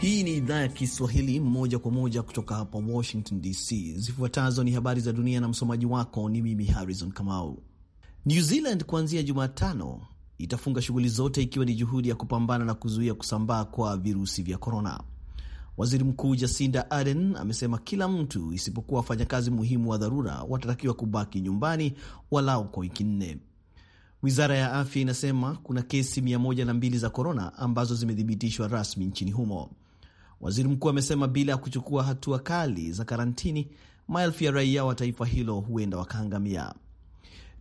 Hii ni idhaa ya Kiswahili moja kwa moja kutoka hapa Washington DC. Zifuatazo ni habari za dunia na msomaji wako ni mimi Harrison Kamau. New Zealand kuanzia Jumatano itafunga shughuli zote ikiwa ni juhudi ya kupambana na kuzuia kusambaa kwa virusi vya korona. Waziri Mkuu Jacinda Ardern amesema kila mtu isipokuwa wafanyakazi muhimu wa dharura watatakiwa kubaki nyumbani walau kwa wiki nne. Wizara ya afya inasema kuna kesi 102 za korona ambazo zimethibitishwa rasmi nchini humo. Waziri mkuu amesema bila ya kuchukua hatua kali za karantini, maelfu ya raia wa taifa hilo huenda wakaangamia.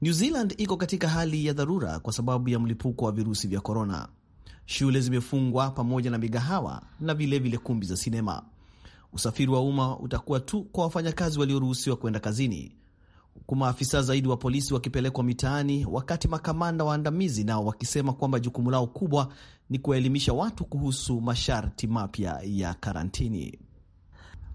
New Zealand iko katika hali ya dharura kwa sababu ya mlipuko wa virusi vya korona. Shule zimefungwa pamoja na migahawa na vilevile vile kumbi za sinema. Usafiri wa umma utakuwa tu kwa wafanyakazi walioruhusiwa kwenda kazini, huku maafisa zaidi wa polisi wakipelekwa mitaani, wakati makamanda waandamizi nao wakisema kwamba jukumu lao kubwa ni kuwaelimisha watu kuhusu masharti mapya ya karantini.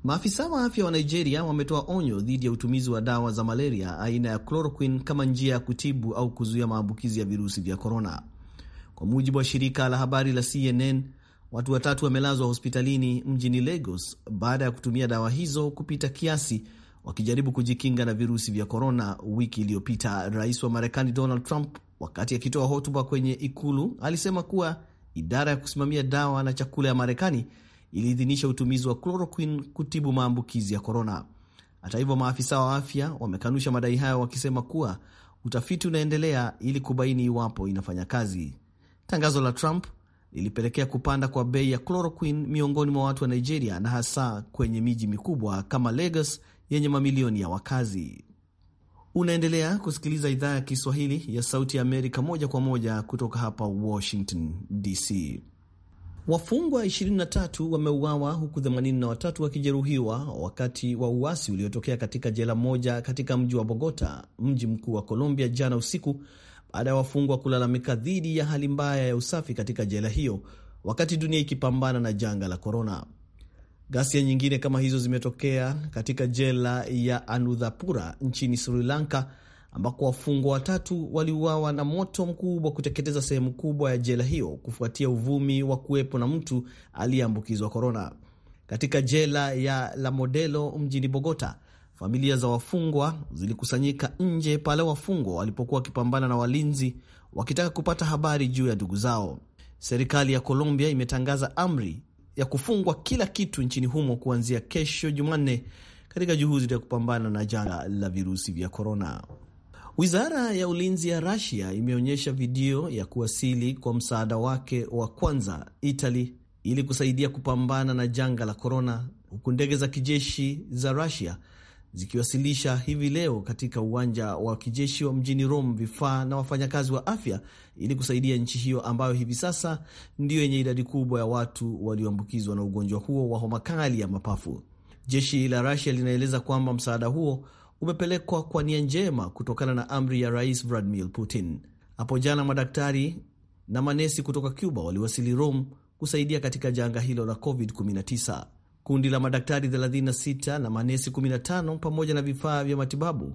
Maafisa wa afya wa Nigeria wametoa onyo dhidi ya utumizi wa dawa za malaria aina ya chloroquine kama njia ya kutibu au kuzuia maambukizi ya virusi vya korona. Kwa mujibu wa shirika la habari la CNN, watu watatu wamelazwa hospitalini mjini Lagos baada ya kutumia dawa hizo kupita kiasi, wakijaribu kujikinga na virusi vya korona. Wiki iliyopita rais wa Marekani Donald Trump, wakati akitoa hotuba kwenye ikulu, alisema kuwa idara ya kusimamia dawa na chakula ya Marekani iliidhinisha utumizi wa chloroquine kutibu maambukizi ya korona. Hata hivyo, maafisa wa afya wamekanusha madai hayo, wakisema kuwa utafiti unaendelea ili kubaini iwapo inafanya kazi. Tangazo la Trump lilipelekea kupanda kwa bei ya chloroquine miongoni mwa watu wa Nigeria na hasa kwenye miji mikubwa kama Lagos yenye mamilioni ya wakazi. Unaendelea kusikiliza idhaa ya Kiswahili ya Sauti ya Amerika moja kwa moja kutoka hapa Washington DC. Wafungwa 23 wameuawa huku 83 wakijeruhiwa wakati wa uasi uliotokea katika jela moja katika mji wa Bogota, mji mkuu wa Colombia, jana usiku baada ya wafungwa kulalamika dhidi ya hali mbaya ya usafi katika jela hiyo wakati dunia ikipambana na janga la korona. Ghasia nyingine kama hizo zimetokea katika jela ya Anudhapura nchini Sri Lanka ambako wafungwa watatu waliuawa na moto mkubwa kuteketeza sehemu kubwa ya jela hiyo kufuatia uvumi wa kuwepo na mtu aliyeambukizwa korona. Katika jela ya La Modelo mjini Bogota, familia za wafungwa zilikusanyika nje pale wafungwa walipokuwa wakipambana na walinzi wakitaka kupata habari juu ya ndugu zao. Serikali ya Colombia imetangaza amri ya kufungwa kila kitu nchini humo kuanzia kesho Jumanne katika juhudi za kupambana na janga la virusi vya korona. Wizara ya ulinzi ya rasia imeonyesha video ya kuwasili kwa msaada wake wa kwanza Italy ili kusaidia kupambana na janga la korona, huku ndege za kijeshi za rasia zikiwasilisha hivi leo katika uwanja wa kijeshi wa mjini Rome vifaa na wafanyakazi wa afya ili kusaidia nchi hiyo ambayo hivi sasa ndiyo yenye idadi kubwa ya watu walioambukizwa na ugonjwa huo wa homa kali ya mapafu. Jeshi la Russia linaeleza kwamba msaada huo umepelekwa kwa nia njema kutokana na amri ya Rais Vladimir Putin. Hapo jana madaktari na manesi kutoka Cuba waliwasili Rome kusaidia katika janga hilo la COVID-19. Kundi la madaktari 36 na manesi 15 pamoja na vifaa vya matibabu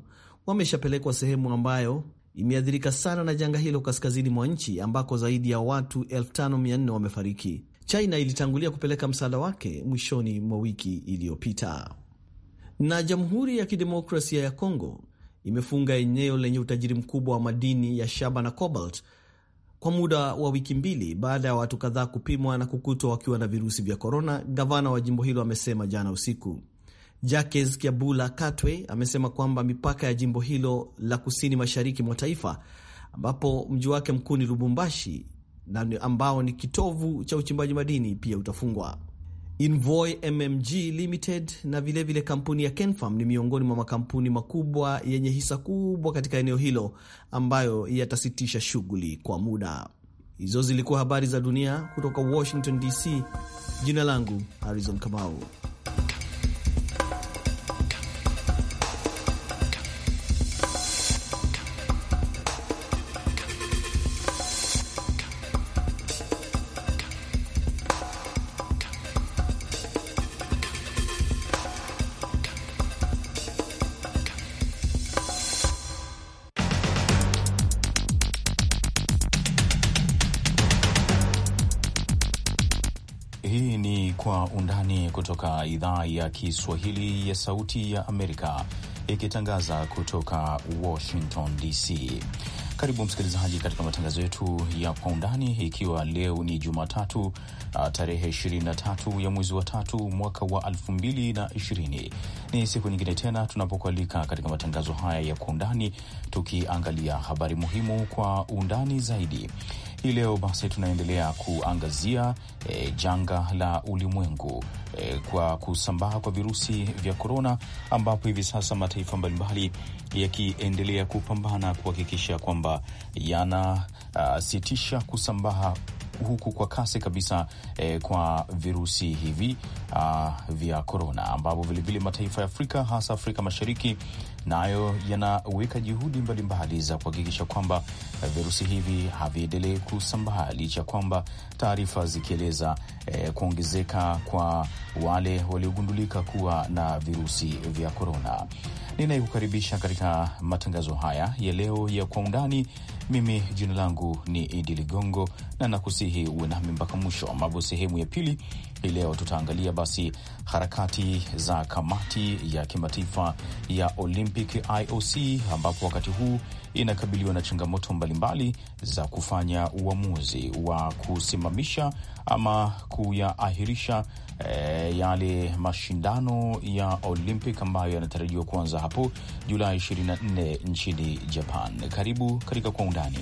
wameshapelekwa sehemu ambayo imeathirika sana na janga hilo kaskazini mwa nchi ambako zaidi ya watu 5400 wamefariki. China ilitangulia kupeleka msaada wake mwishoni mwa wiki iliyopita. Na Jamhuri ya Kidemokrasia ya Kongo imefunga eneo lenye utajiri mkubwa wa madini ya shaba na cobalt kwa muda wa wiki mbili baada ya watu kadhaa kupimwa na kukutwa wakiwa na virusi vya korona, gavana wa jimbo hilo amesema jana usiku. Jacques Kiabula Katwe amesema kwamba mipaka ya jimbo hilo la kusini mashariki mwa taifa ambapo mji wake mkuu ni Lubumbashi na ambao ni kitovu cha uchimbaji madini pia utafungwa. Invoy MMG Limited na vilevile vile kampuni ya Kenfarm ni miongoni mwa makampuni makubwa yenye hisa kubwa katika eneo hilo ambayo yatasitisha shughuli kwa muda. Hizo zilikuwa habari za dunia kutoka Washington DC. Jina langu Harrison Kamau. kutoka idhaa ya Kiswahili ya Sauti ya Amerika ikitangaza kutoka Washington DC. Karibu msikilizaji katika matangazo yetu ya kwa undani, ikiwa leo ni Jumatatu ah, tarehe 23 ya mwezi wa tatu mwaka wa 2020. Ni siku nyingine tena tunapokualika katika matangazo haya ya kwa undani, tukiangalia habari muhimu kwa undani zaidi. Hii leo basi tunaendelea kuangazia e, janga la ulimwengu e, kwa kusambaa kwa virusi vya korona, ambapo hivi sasa mataifa mbalimbali yakiendelea kupambana kuhakikisha kwamba yanasitisha kusambaa huku kwa kasi kabisa eh, kwa virusi hivi uh, vya korona, ambapo vilevile mataifa ya Afrika hasa Afrika Mashariki nayo na yanaweka juhudi mbalimbali za kuhakikisha kwamba virusi hivi haviendelee kusambaa, licha ya kwamba taarifa zikieleza eh, kuongezeka kwa wale waliogundulika kuwa na virusi vya korona ninayekukaribisha katika matangazo haya ya leo ya kwa undani. Mimi jina langu ni Idi Ligongo na nakusihi uwe nami mpaka mwisho, ambapo sehemu ya pili hii leo tutaangalia basi harakati za kamati ya kimataifa ya Olympic IOC ambapo wakati huu inakabiliwa na changamoto mbalimbali za kufanya uamuzi wa kusimamisha ama kuyaahirisha e, eh, yale mashindano ya Olympic ambayo yanatarajiwa kuanza hapo Julai 24 nchini Japan. Karibu katika Kwa Undani.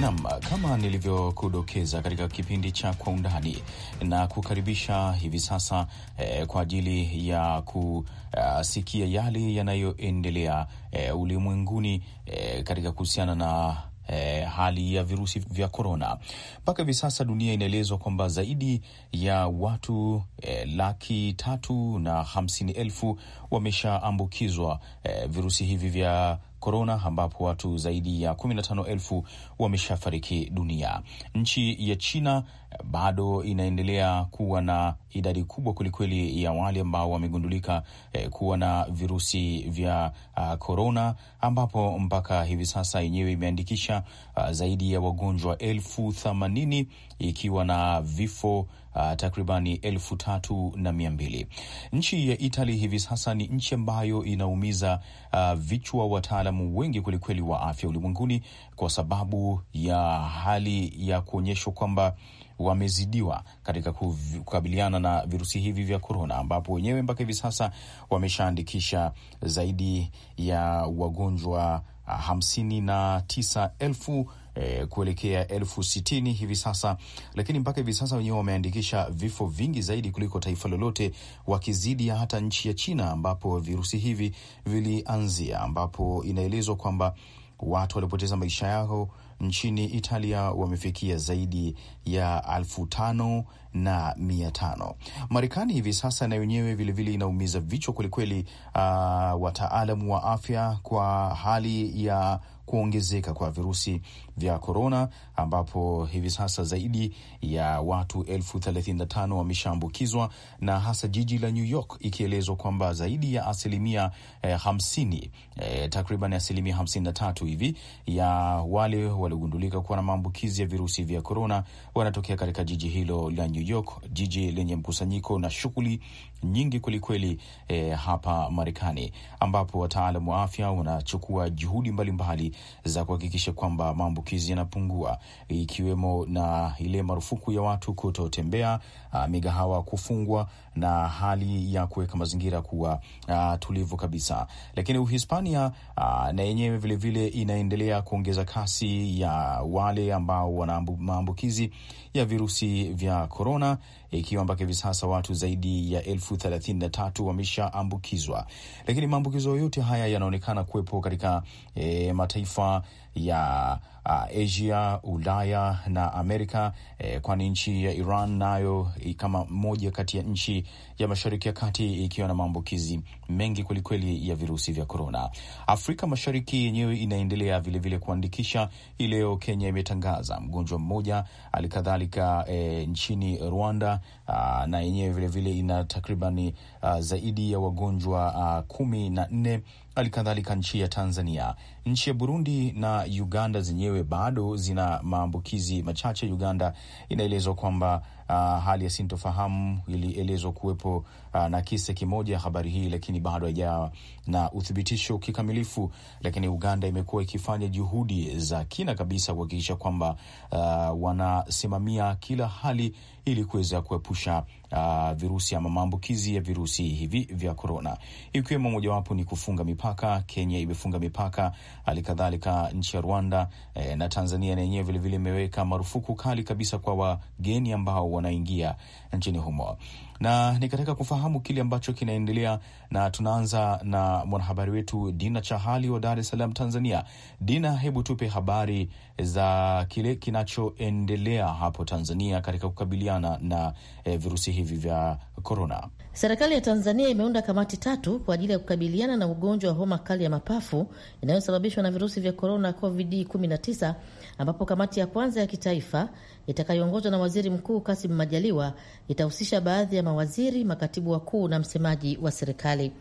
Nam, kama nilivyokudokeza katika kipindi cha Kwa Undani na kukaribisha hivi sasa eh, kwa ajili ya kusikia eh, yale yanayoendelea eh, ulimwenguni eh, katika kuhusiana na eh, hali ya virusi vya korona. Mpaka hivi sasa dunia inaelezwa kwamba zaidi ya watu eh, laki tatu na hamsini elfu wameshaambukizwa eh, virusi hivi vya korona, ambapo watu zaidi ya 15,000 wameshafariki dunia. Nchi ya China bado inaendelea kuwa na idadi kubwa kwelikweli ya wale ambao wamegundulika eh, kuwa na virusi vya korona, ah, uh, ambapo mpaka hivi sasa yenyewe imeandikisha uh, zaidi ya wagonjwa elfu themanini ikiwa na vifo Uh, ah, takribani elfu tatu na mia mbili. Nchi ya Itali hivi sasa ni nchi ambayo inaumiza uh, vichwa wataalamu wengi kwelikweli wa afya ulimwenguni kwa sababu ya hali ya kuonyeshwa kwamba wamezidiwa katika kukabiliana na virusi hivi vya korona, ambapo wenyewe mpaka hivi sasa wameshaandikisha zaidi ya wagonjwa ah, hamsini na tisa elfu E, kuelekea elfu sitini hivi sasa, lakini mpaka hivi sasa wenyewe wameandikisha vifo vingi zaidi kuliko taifa lolote, wakizidi hata nchi ya China ambapo virusi hivi vilianzia, ambapo inaelezwa kwamba watu waliopoteza maisha yao nchini Italia wamefikia zaidi ya elfu tano na mia tano. Marekani hivi sasa na wenyewe vilevile inaumiza vichwa kwelikweli, uh, ah, wataalamu wa afya kwa hali ya kuongezeka kwa virusi vya korona, ambapo hivi sasa zaidi ya watu elfu thelathini na tano wameshaambukizwa na hasa jiji la New York ikielezwa kwamba zaidi ya asilimia eh, hamsini eh, takriban asilimia hamsini na tatu hivi ya wale waliogundulika kuwa na maambukizi ya virusi vya korona wanatokea katika jiji hilo la New York, jiji lenye mkusanyiko na shughuli nyingi kwelikweli e, hapa Marekani, ambapo wataalam wa afya wanachukua juhudi mbalimbali mbali za kuhakikisha kwamba maambukizi yanapungua, ikiwemo na ile marufuku ya watu kutotembea, ah, migahawa kufungwa na hali ya kuweka mazingira kuwa a, ah, tulivu kabisa. Lakini Uhispania ah, na yenyewe vilevile inaendelea kuongeza kasi ya wale ambao wana maambukizi ya virusi vya korona, ikiwa mpaka hivi sasa watu zaidi ya elfu elfu thelathini na tatu wameshaambukizwa, lakini maambukizo yote haya yanaonekana kuwepo katika e, mataifa ya uh, Asia, Ulaya na Amerika eh, kwani nchi ya Iran nayo kama moja kati ya nchi ya Mashariki ya Kati ikiwa na maambukizi mengi kwelikweli ya virusi vya korona. Afrika Mashariki yenyewe inaendelea vilevile kuandikisha. Hii leo Kenya imetangaza mgonjwa mmoja, halikadhalika eh, nchini Rwanda uh, na yenyewe vilevile ina takribani uh, zaidi ya wagonjwa uh, kumi na nne hali kadhalika nchi ya Tanzania. Nchi ya Burundi na Uganda zenyewe bado zina maambukizi machache. Uganda inaelezwa kwamba uh, hali ya sintofahamu ilielezwa kuwepo Ah, na kise kimoja habari hii, lakini bado haijawa na uthibitisho kikamilifu. Lakini Uganda imekuwa ikifanya juhudi za kina kabisa kuhakikisha kwamba uh, wanasimamia kila hali ili kuweza kuepusha uh, virusi ama maambukizi ya virusi hivi vya korona, ikiwemo mojawapo ni kufunga mipaka. Kenya imefunga mipaka, hali kadhalika nchi ya Rwanda eh, na Tanzania na yenyewe vilevile imeweka marufuku kali kabisa kwa wageni ambao wanaingia nchini humo na nikataka kufahamu kile ambacho kinaendelea, na tunaanza na mwanahabari wetu Dina Chahali wa Dar es Salaam, Tanzania. Dina, hebu tupe habari za kile kinachoendelea hapo Tanzania katika kukabiliana na eh, virusi hivi vya korona. Serikali ya Tanzania imeunda kamati tatu kwa ajili ya kukabiliana na ugonjwa wa homa kali ya mapafu inayosababishwa na virusi vya korona COVID-19 ambapo kamati ya kwanza ya kitaifa itakayoongozwa na waziri mkuu Kasim Majaliwa itahusisha baadhi ya mawaziri, makatibu wakuu na msemaji wa serikali.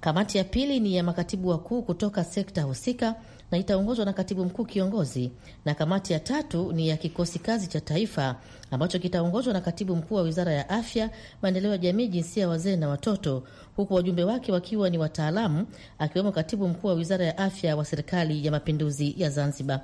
Kamati ya pili ni ya makatibu wakuu kutoka sekta husika na itaongozwa na katibu mkuu kiongozi, na kamati ya tatu ni ya kikosi kazi cha taifa ambacho kitaongozwa na katibu mkuu wa wizara ya afya, maendeleo ya jamii, jinsia ya wazee na watoto, huku wajumbe wake wakiwa ni wataalamu, akiwemo katibu mkuu wa wizara ya afya wa serikali ya mapinduzi ya Zanzibar.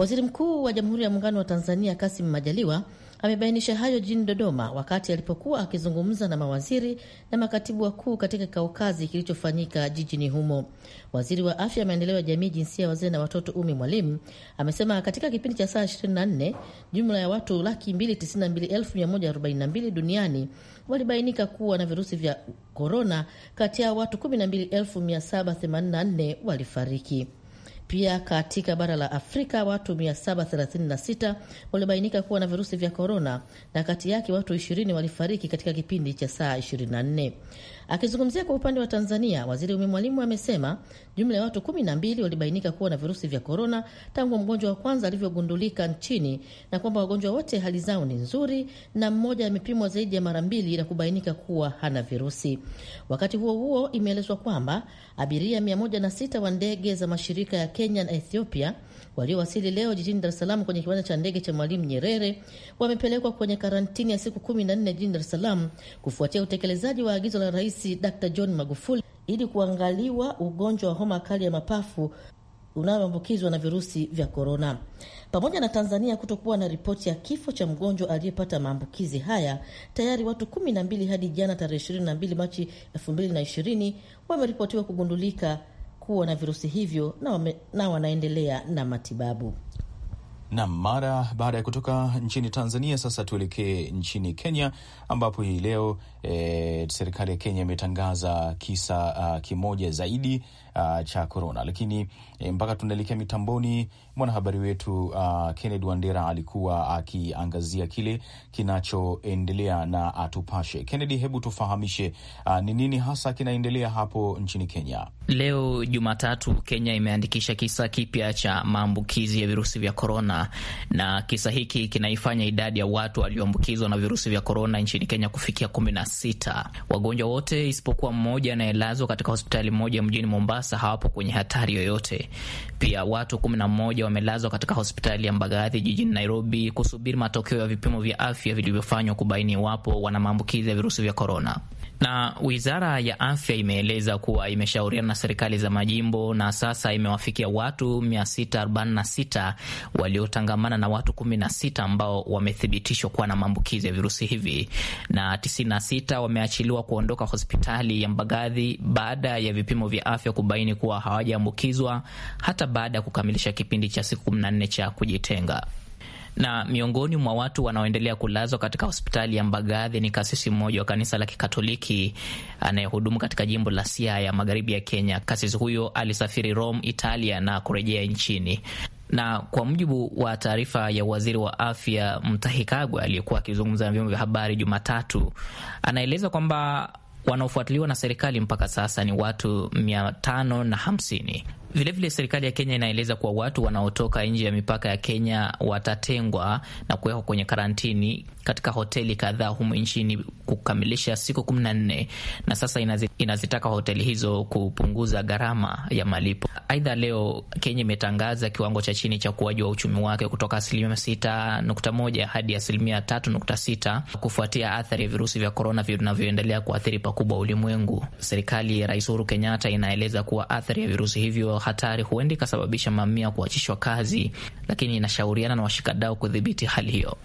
Waziri Mkuu wa Jamhuri ya Muungano wa Tanzania Kasim Majaliwa amebainisha hayo jijini Dodoma wakati alipokuwa akizungumza na mawaziri na makatibu wakuu katika kikao kazi kilichofanyika jijini humo. Waziri wa Afya, Maendeleo ya Jamii, Jinsia ya Wazee na Watoto, Umi Mwalimu, amesema katika kipindi cha saa 24 jumla ya watu laki 292,142 duniani walibainika kuwa na virusi vya korona, kati ya watu 12,784 walifariki. Pia katika bara la Afrika watu 736 walibainika kuwa na virusi vya korona, na kati yake watu 20 walifariki katika kipindi cha saa 24. Akizungumzia kwa upande wa Tanzania, Waziri Umi Mwalimu amesema jumla ya watu kumi na mbili walibainika kuwa na virusi vya korona tangu mgonjwa wa kwanza alivyogundulika nchini na kwamba wagonjwa wote hali zao ni nzuri na mmoja amepimwa zaidi ya mara mbili na kubainika kuwa hana virusi. Wakati huo huo, imeelezwa kwamba abiria 106 wa ndege za mashirika ya Kenya na Ethiopia waliowasili leo jijini Dar es Salaam kwenye kiwanja cha ndege cha Mwalimu Nyerere wamepelekwa kwenye karantini ya siku kumi na nne jijini Dar es Salaam kufuatia utekelezaji wa agizo la Rais Dr John Magufuli ili kuangaliwa ugonjwa wa homa kali ya mapafu unaoambukizwa na virusi vya korona. Pamoja na Tanzania kutokuwa na ripoti ya kifo cha mgonjwa aliyepata maambukizi haya, tayari watu 12 hadi jana tarehe 22 Machi 2020 wameripotiwa kugundulika kuwa na virusi hivyo na, wame, na wanaendelea na matibabu. Na mara baada ya kutoka nchini Tanzania, sasa tuelekee nchini Kenya ambapo hii leo e, serikali ya Kenya imetangaza kisa a, ah, kimoja zaidi uh, cha korona. Lakini e, mpaka tunaelekea mitamboni, mwanahabari wetu uh, Kennedy Wandera alikuwa akiangazia kile kinachoendelea na atupashe. Kennedy, hebu tufahamishe uh, ni uh, nini hasa kinaendelea hapo nchini Kenya leo Jumatatu? Kenya imeandikisha kisa kipya cha maambukizi ya virusi vya korona, na kisa hiki kinaifanya idadi ya watu walioambukizwa na virusi vya korona nchini Kenya kufikia kumi na sita. Wagonjwa wote isipokuwa mmoja anayelazwa katika hospitali moja mjini Mombasa sasa hawapo kwenye hatari yoyote. Pia watu kumi na mmoja wamelazwa katika hospitali ya Mbagathi jijini Nairobi kusubiri matokeo ya vipimo vya afya vilivyofanywa kubaini iwapo wana maambukizi ya virusi vya korona. Na wizara ya afya imeeleza kuwa imeshauriana na serikali za majimbo na sasa imewafikia watu 646 waliotangamana na watu 16 ambao wamethibitishwa kuwa na maambukizi ya virusi hivi, na 96 wameachiliwa kuondoka hospitali ya Mbagathi baada ya vipimo vya afya kubaini kuwa hawajaambukizwa hata baada ya kukamilisha kipindi cha siku 14 cha kujitenga. Na miongoni mwa watu wanaoendelea kulazwa katika hospitali ya Mbagathi ni kasisi mmoja wa kanisa la Kikatoliki anayehudumu katika jimbo la Siaya, magharibi ya Kenya. Kasisi huyo alisafiri Rome, Italia na kurejea nchini na kwa mujibu wa taarifa ya waziri wa afya Mutahi Kagwe aliyekuwa akizungumza na vyombo vya habari Jumatatu, anaeleza kwamba wanaofuatiliwa na serikali mpaka sasa ni watu mia tano na hamsini Vilevile serikali ya Kenya inaeleza kuwa watu wanaotoka nje ya mipaka ya Kenya watatengwa na kuwekwa kwenye karantini katika hoteli kadhaa humu nchini kukamilisha siku kumi na nne na sasa inazitaka hoteli hizo kupunguza gharama ya malipo. Aidha, leo Kenya imetangaza kiwango cha chini cha ukuaji wa uchumi wake kutoka asilimia sita nukta moja hadi asilimia tatu nukta sita kufuatia athari ya virusi vya korona vinavyoendelea kuathiri pakubwa ulimwengu. Serikali ya Rais Uhuru Kenyatta inaeleza kuwa athari ya virusi hivyo hatari huenda ikasababisha mamia kuachishwa kazi, lakini inashauriana na washikadau kudhibiti hali hiyo.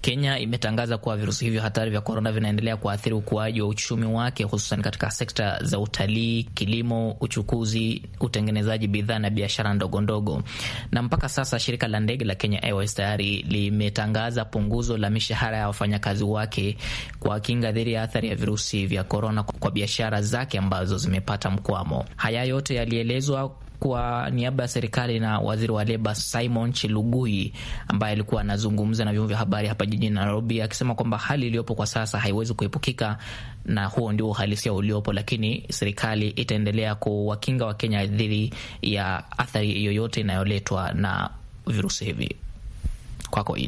Kenya imeta kutangaza kuwa virusi hivyo hatari vya korona vinaendelea kuathiri ukuaji wa uchumi wake hususan katika sekta za utalii, kilimo, uchukuzi, utengenezaji bidhaa na biashara ndogondogo. Na mpaka sasa shirika la ndege la Kenya Airways tayari limetangaza punguzo la mishahara ya wafanyakazi wake kwa kinga dhidi ya athari ya virusi vya korona kwa biashara zake ambazo zimepata mkwamo. Haya yote yalielezwa kwa niaba ya serikali na waziri wa leba Simon chilugui ambaye alikuwa anazungumza na vyombo vya habari hapa jijini Nairobi, akisema kwamba hali iliyopo kwa sasa haiwezi kuepukika na huo ndio uhalisia uliopo, lakini serikali itaendelea kuwakinga Wakenya dhidi ya athari yoyote inayoletwa na virusi hivi. Kwako kwa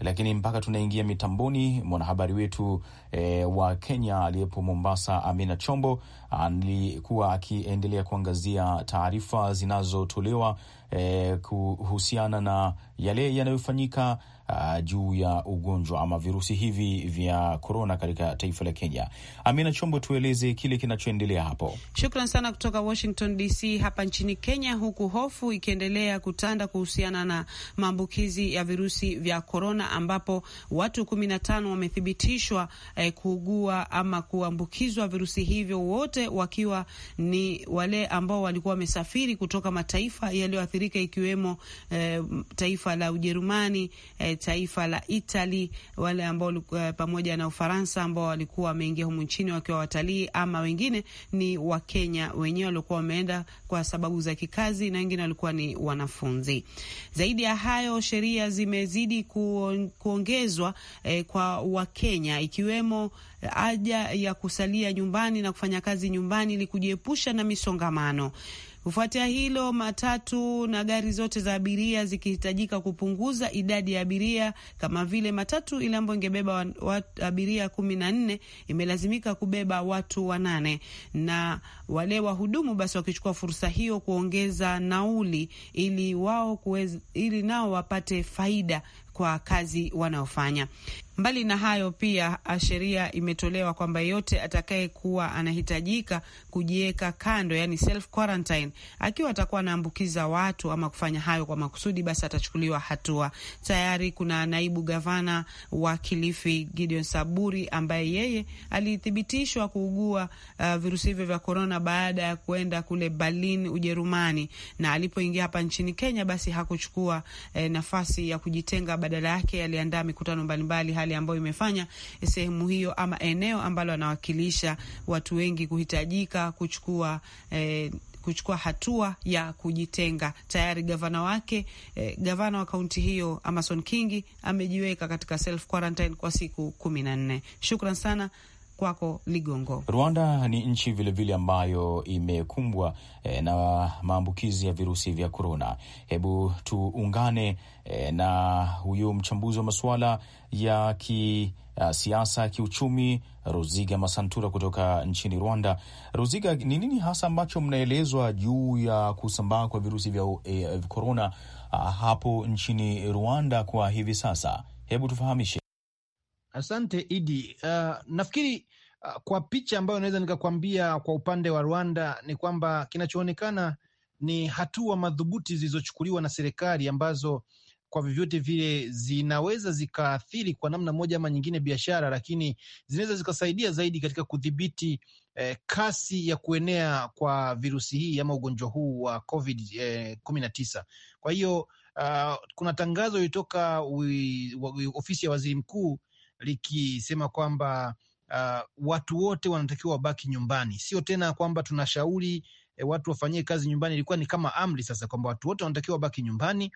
lakini mpaka tunaingia mitamboni, mwanahabari wetu e, wa Kenya aliyepo Mombasa, Amina Chombo, alikuwa akiendelea kuangazia taarifa zinazotolewa e, kuhusiana na yale yanayofanyika uh, juu ya ugonjwa ama virusi hivi vya korona katika taifa la Kenya. Amina Chombo, tueleze kile kinachoendelea hapo. Shukran sana kutoka Washington DC. Hapa nchini Kenya, huku hofu ikiendelea kutanda kuhusiana na maambukizi ya virusi vya korona, ambapo watu kumi na tano wamethibitishwa eh, kuugua ama kuambukizwa virusi hivyo, wote wakiwa ni wale ambao walikuwa wamesafiri kutoka mataifa yaliyoathirika ikiwemo eh, taifa la Ujerumani eh, taifa la itali wale ambao eh, pamoja na Ufaransa ambao walikuwa wameingia humu nchini wakiwa watalii, ama wengine ni Wakenya wenyewe waliokuwa wameenda kwa sababu za kikazi na wengine walikuwa ni wanafunzi. Zaidi ya hayo, sheria zimezidi kuongezwa eh, kwa Wakenya ikiwemo eh, haja ya kusalia nyumbani na kufanya kazi nyumbani ili kujiepusha na misongamano. Kufuatia hilo, matatu na gari zote za abiria zikihitajika kupunguza idadi ya abiria, kama vile matatu ile ambayo ingebeba abiria kumi na nne imelazimika kubeba watu wanane, na wale wahudumu basi wakichukua fursa hiyo kuongeza nauli ili wao kuweza, ili nao wapate faida kwa kazi wanaofanya. Mbali na hayo, pia ah, sheria imetolewa kwamba yeyote atakayekuwa anahitajika kujiweka kando, yani self quarantine, akiwa atakuwa anaambukiza watu ama kufanya hayo kwa makusudi, basi atachukuliwa hatua. Tayari kuna naibu gavana wa Kilifi Gideon Saburi ambaye yeye alithibitishwa kuugua uh, virusi hivyo vya korona baada ya kuenda kule Berlin, Ujerumani, na alipoingia hapa nchini Kenya basi hakuchukua eh, nafasi ya kujitenga, badala yake aliandaa mikutano mbalimbali hali serikali ambayo imefanya sehemu hiyo ama eneo ambalo anawakilisha watu wengi kuhitajika kuchukua eh, kuchukua hatua ya kujitenga. Tayari gavana wake eh, gavana wa kaunti hiyo Amason Kingi amejiweka katika self quarantine kwa siku kumi na nne. Shukran sana kwako Ligongo. Rwanda ni nchi vilevile vile ambayo imekumbwa eh, na maambukizi ya virusi vya korona. Hebu tuungane eh, na huyu mchambuzi wa masuala ya kisiasa, uh, kiuchumi. Ruziga Masantura kutoka nchini Rwanda. Ruziga, ni nini hasa ambacho mnaelezwa juu ya kusambaa kwa virusi vya korona eh, uh, hapo nchini Rwanda kwa hivi sasa? Hebu tufahamishe. Asante Idi. Uh, nafikiri uh, kwa picha ambayo inaweza nikakwambia kwa upande wa Rwanda ni kwamba kinachoonekana ni hatua madhubuti zilizochukuliwa na serikali ambazo kwa vyovyote vile zinaweza zikaathiri kwa namna moja ama nyingine biashara, lakini zinaweza zikasaidia zaidi katika kudhibiti eh, kasi ya kuenea kwa virusi hii ama ugonjwa huu wa COVID eh, kumi na tisa. Kwa hiyo uh, kuna tangazo lilitoka ofisi ya waziri mkuu likisema kwamba uh, watu wote wanatakiwa wabaki nyumbani, sio tena kwamba tunashauri eh, watu wafanyie kazi nyumbani. Ilikuwa ni kama amri sasa kwamba watu wote wanatakiwa wabaki nyumbani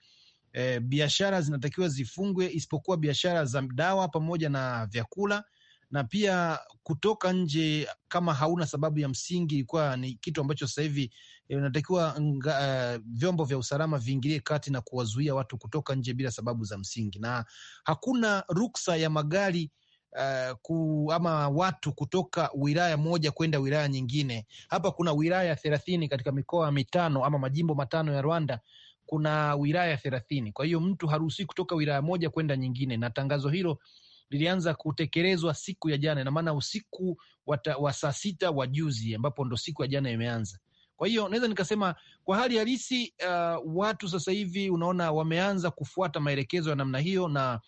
e, biashara zinatakiwa zifungwe isipokuwa biashara za dawa pamoja na vyakula na pia kutoka nje kama hauna sababu ya msingi, ilikuwa ni kitu ambacho sasa hivi inatakiwa eh, uh, eh, vyombo vya usalama viingilie kati na kuwazuia watu kutoka nje bila sababu za msingi, na hakuna ruksa ya magari uh, ku, ama watu kutoka wilaya moja kwenda wilaya nyingine. Hapa kuna wilaya thelathini katika mikoa mitano ama majimbo matano ya Rwanda kuna wilaya thelathini. Kwa hiyo mtu haruhusii kutoka wilaya moja kwenda nyingine, na tangazo hilo lilianza kutekelezwa siku ya jana, ina maana usiku wa saa sita wa juzi, ambapo ndo siku ya jana imeanza. Kwa hiyo naweza nikasema kwa hali halisi uh, watu sasa hivi unaona wameanza kufuata maelekezo ya namna hiyo, na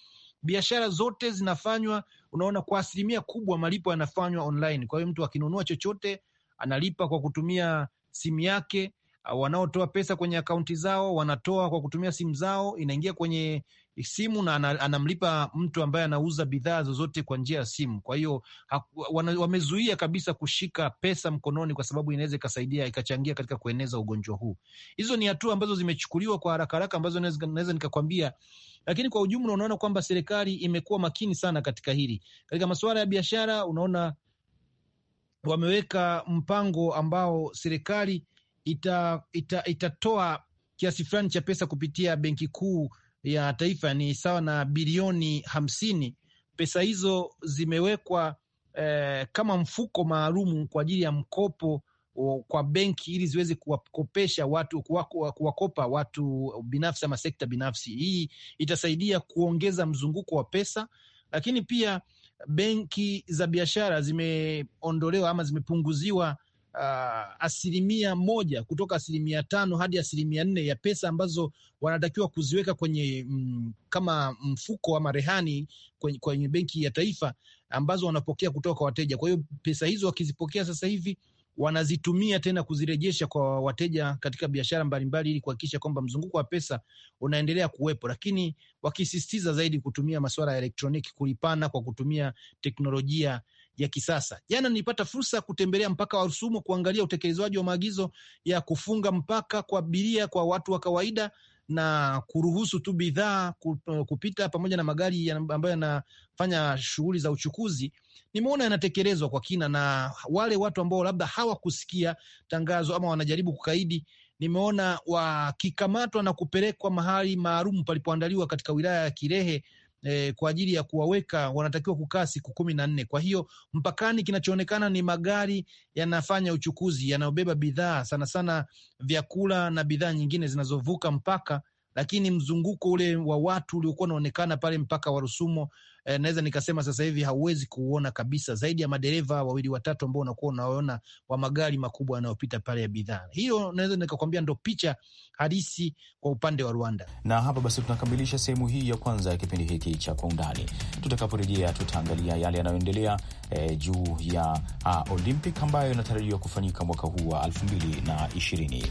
biashara zote zinafanywa, unaona kwa asilimia kubwa malipo yanafanywa online. Kwa hiyo mtu akinunua chochote analipa kwa kutumia simu yake wanaotoa pesa kwenye akaunti zao wanatoa kwa kutumia simu zao, inaingia kwenye simu na anamlipa mtu ambaye anauza bidhaa zozote kwa njia ya simu. Kwa hiyo wamezuia kabisa kushika pesa mkononi, kwa sababu inaweza ikasaidia ikachangia katika kueneza ugonjwa huu. Hizo ni hatua ambazo zimechukuliwa kwa haraka haraka ambazo naweza nikakwambia, lakini kwa ujumla unaona kwamba serikali imekuwa makini sana katika hili. Katika masuala ya biashara, unaona wameweka mpango ambao serikali itatoa ita, ita kiasi fulani cha pesa kupitia benki kuu ya taifa, ni sawa na bilioni hamsini. Pesa hizo zimewekwa eh, kama mfuko maalum kwa ajili ya mkopo o, kwa benki ili ziweze kuwakopesha watu kuwakopa watu binafsi ama sekta binafsi. Hii itasaidia kuongeza mzunguko wa pesa, lakini pia benki za biashara zimeondolewa ama zimepunguziwa uh, asilimia moja kutoka asilimia tano hadi asilimia nne ya pesa ambazo wanatakiwa kuziweka kwenye m, mm, kama mfuko ama rehani kwenye, kwenye benki ya taifa ambazo wanapokea kutoka kwa wateja. Kwa hiyo pesa hizo wakizipokea sasa hivi wanazitumia tena kuzirejesha kwa wateja katika biashara mbalimbali ili kuhakikisha kwamba mzunguko wa pesa unaendelea kuwepo, lakini wakisisitiza zaidi kutumia masuala ya elektroniki, kulipana kwa kutumia teknolojia ya kisasa. Jana nilipata fursa ya kutembelea mpaka wa Rusumo kuangalia utekelezwaji wa maagizo ya kufunga mpaka kwa abiria kwa watu wa kawaida na kuruhusu tu bidhaa kupita pamoja na magari ambayo yanafanya shughuli za uchukuzi. Nimeona yanatekelezwa kwa kina, na wale watu ambao labda hawakusikia tangazo ama wanajaribu kukaidi, nimeona wakikamatwa na kupelekwa mahali maalum palipoandaliwa katika wilaya ya Kirehe eh, kwa ajili ya kuwaweka, wanatakiwa kukaa siku kumi na nne. Kwa hiyo mpakani, kinachoonekana ni magari yanafanya uchukuzi, yanayobeba bidhaa sana sana vyakula na bidhaa nyingine zinazovuka mpaka lakini mzunguko ule wa watu uliokuwa unaonekana pale mpaka wa Rusumo eh, naweza nikasema sasa hivi hauwezi kuuona kabisa, zaidi ya madereva wawili watatu ambao unakuwa unaona wa magari makubwa yanayopita pale ya bidhaa hiyo. Naweza nikakwambia ndo picha halisi kwa upande wa Rwanda. Na hapa basi tunakamilisha sehemu hii ya kwanza ya kipindi hiki cha Kwa Undani. Tutakaporejea tutaangalia yale yanayoendelea eh, juu ya ah, Olympic ambayo inatarajiwa kufanyika mwaka huu wa elfu mbili na ishirini.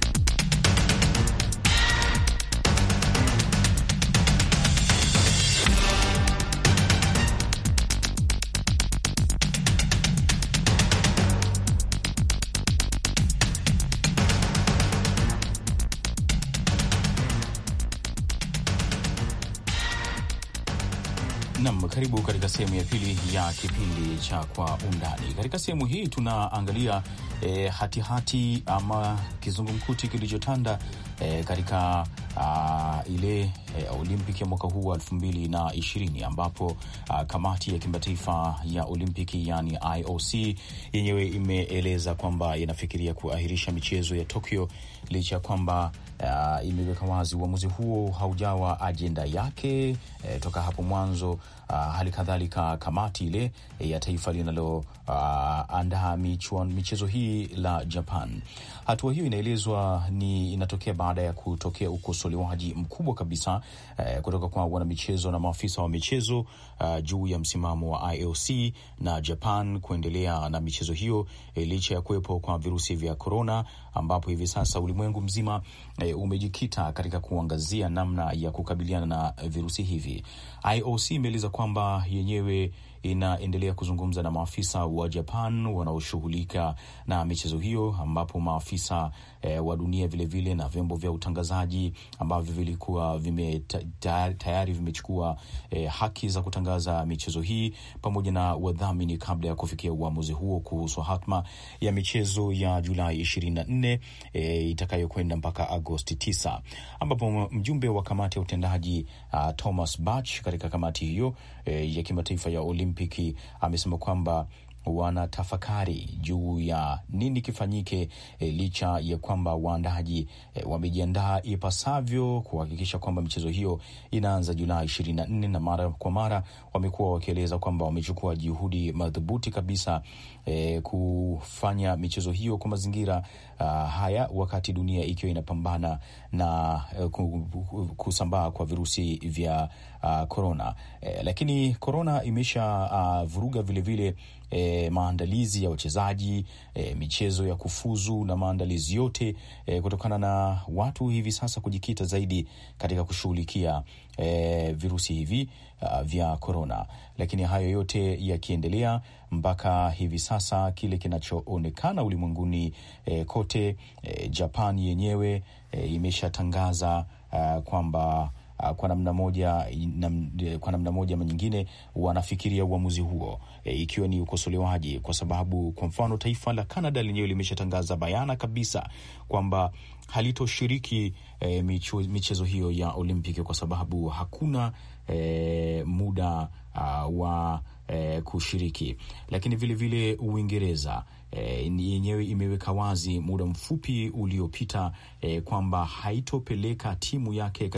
Karibu katika sehemu ya pili ya kipindi cha Kwa Undani. Katika sehemu hii tunaangalia e, hatihati ama kizungumkuti kilichotanda e, katika a, ah, ile e, Olimpiki ya mwaka huu wa elfu mbili na ishirini ambapo a, ah, kamati ya kimataifa ya Olimpiki yani IOC yenyewe imeeleza kwamba inafikiria kuahirisha michezo ya Tokyo licha ya kwamba uh, imeweka wazi uamuzi huo haujawa ajenda yake eh, toka hapo mwanzo. Uh, hali kadhalika kamati ile eh, ya taifa linaloandaa uh, michezo hii la Japan, hatua hiyo inaelezwa ni inatokea baada ya kutokea ukosolewaji mkubwa kabisa eh, kutoka kwa wanamichezo na maafisa wa michezo uh, juu ya msimamo wa IOC na Japan kuendelea na michezo hiyo eh, licha ya kuwepo kwa virusi vya korona ambapo hivi sasa ulimwengu mzima e, umejikita katika kuangazia namna ya kukabiliana na virusi hivi. IOC imeeleza kwamba yenyewe inaendelea kuzungumza na maafisa wa Japan wanaoshughulika na michezo hiyo, ambapo maafisa e, wa dunia vilevile vile na vyombo vya utangazaji ambavyo vilikuwa vime, tayari vimechukua e, haki za kutangaza michezo hii pamoja na wadhamini kabla ya kufikia uamuzi huo kuhusu hatma ya michezo ya Julai 24 e, eh, itakayokwenda mpaka Agosti 9 ambapo mjumbe wa kamati ya utendaji uh, Thomas Bach katika kamati hiyo eh, ya kimataifa ya Olimpiki amesema kwamba wanatafakari juu ya nini kifanyike, e, licha ya kwamba waandaji e, wamejiandaa ipasavyo kuhakikisha kwamba michezo hiyo inaanza Julai ishirini na nne na mara kwa mara wamekuwa wakieleza kwamba wamechukua juhudi madhubuti kabisa e, kufanya michezo hiyo kwa mazingira uh, haya wakati dunia ikiwa inapambana na uh, kusambaa kwa virusi vya korona ah, uh, eh, e, lakini korona imesha uh, vuruga vilevile E, maandalizi ya wachezaji e, michezo ya kufuzu na maandalizi yote e, kutokana na watu hivi sasa kujikita zaidi katika kushughulikia e, virusi hivi uh, vya korona. Lakini hayo yote yakiendelea, mpaka hivi sasa kile kinachoonekana ulimwenguni e, kote e, Japan yenyewe e, imeshatangaza e, kwamba e, kwa namna moja nam, e, kwa namna moja ama nyingine wanafikiria uamuzi huo e, ikiwa ni ukosolewaji, kwa sababu kwa mfano taifa la Canada lenyewe limeshatangaza bayana kabisa kwamba halitoshiriki e, michezo hiyo ya Olimpiki kwa sababu hakuna e, muda a, wa eh, kushiriki. Lakini vilevile Uingereza eh, yenyewe eh, imeweka wazi muda mfupi uliopita eh, kwamba haitopeleka timu yake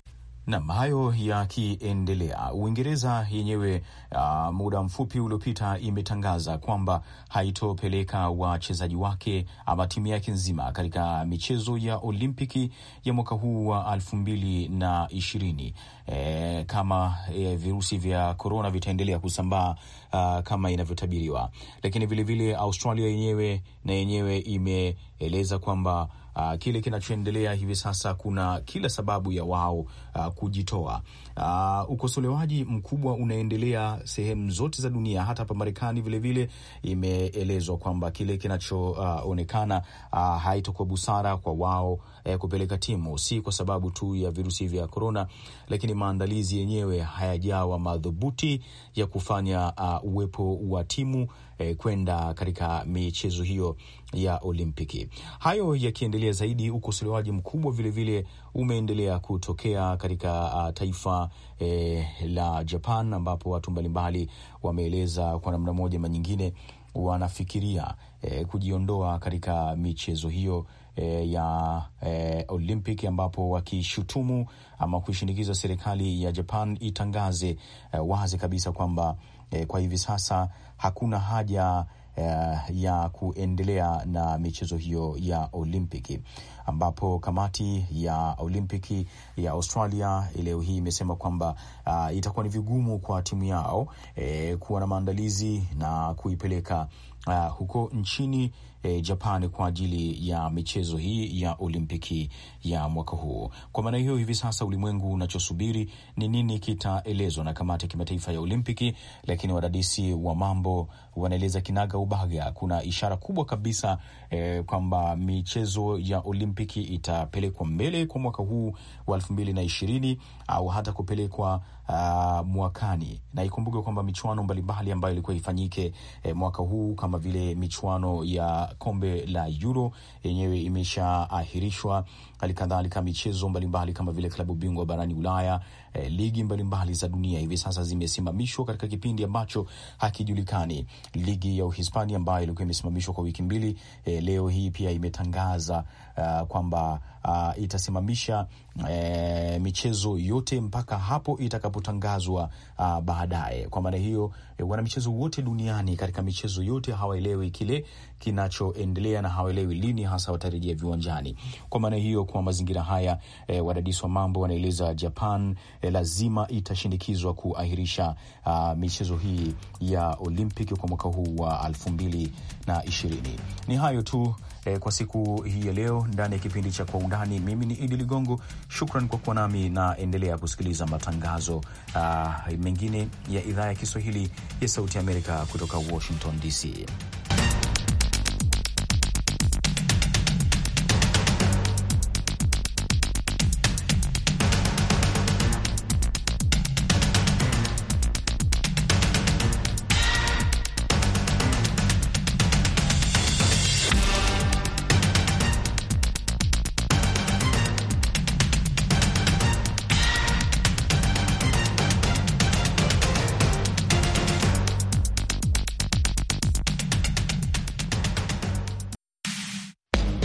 Nam, hayo yakiendelea, Uingereza yenyewe uh, muda mfupi uliopita imetangaza kwamba haitopeleka wachezaji wake ama timu yake nzima katika michezo ya Olimpiki ya mwaka huu wa elfu mbili na ishirini e, kama e, virusi vya korona vitaendelea kusambaa uh, kama inavyotabiriwa. Lakini vilevile Australia yenyewe na yenyewe imeeleza kwamba Ah, kile kinachoendelea hivi sasa, kuna kila sababu ya wao uh, kujitoa uh, ukosolewaji mkubwa unaendelea sehemu zote za dunia, hata hapa Marekani vilevile imeelezwa kwamba kile kinachoonekana uh, uh, ah, haitokuwa busara kwa wao eh, kupeleka timu, si kwa sababu tu ya virusi vya korona, lakini maandalizi yenyewe hayajawa madhubuti ya kufanya uh, uwepo wa timu eh, kwenda katika michezo hiyo ya Olimpiki. Hayo yakiendelea zaidi, ukosolewaji mkubwa vilevile vile umeendelea kutokea katika uh, taifa e, la Japan ambapo watu mbalimbali wameeleza kwa namna moja ama nyingine wanafikiria e, kujiondoa katika michezo hiyo e, ya e, Olympic ambapo wakishutumu ama kuishinikiza serikali ya Japan itangaze e, wazi kabisa kwamba e, kwa hivi sasa hakuna haja uh, ya kuendelea na michezo hiyo ya Olimpiki, ambapo kamati ya Olimpiki ya Australia leo hii imesema kwamba uh, itakuwa ni vigumu kwa timu yao eh, kuwa na maandalizi na kuipeleka uh, huko nchini e, Japan kwa ajili ya michezo hii ya Olimpiki ya mwaka huu. Kwa maana hiyo, hivi sasa ulimwengu unachosubiri ni nini kitaelezwa na kamati ya kimataifa ya Olimpiki, lakini wadadisi wa mambo wanaeleza kinaga ubaga. Kuna ishara kubwa kabisa e, kwamba michezo ya Olimpiki itapelekwa mbele kwa mwaka huu wa elfu mbili na ishirini au hata kupelekwa uh, mwakani, na ikumbuke kwamba michuano mbalimbali ambayo ilikuwa ifanyike e, mwaka huu kama vile michuano ya kombe la Euro yenyewe imeshaahirishwa, hali kadhalika michezo mbalimbali kama vile klabu bingwa barani Ulaya, e, ligi mbalimbali mbali za dunia hivi sasa zimesimamishwa katika kipindi ambacho hakijulikani. Ligi ya Uhispania ambayo ilikuwa imesimamishwa kwa wiki mbili, e, leo hii pia imetangaza uh, kwamba uh, itasimamisha e, michezo yote mpaka hapo itakapotangazwa uh, baadaye. Kwa maana hiyo e, wanamichezo wote duniani katika michezo yote hawaelewi kile kinachoendelea na hawaelewi lini hasa watarejea viwanjani. Kwa maana hiyo, kwa mazingira haya e, wadadisi wa mambo wanaeleza Japan e, lazima itashindikizwa kuahirisha uh, michezo hii ya Olympic kwa mwaka huu wa elfu mbili na ishirini. Ni hayo tu eh, kwa siku hii ya leo ndani ya kipindi cha kwa undani. Mimi ni Idi Ligongo, shukran kwa kuwa nami na endelea kusikiliza matangazo uh, mengine ya idhaa ya Kiswahili ya Sauti ya Amerika kutoka Washington DC.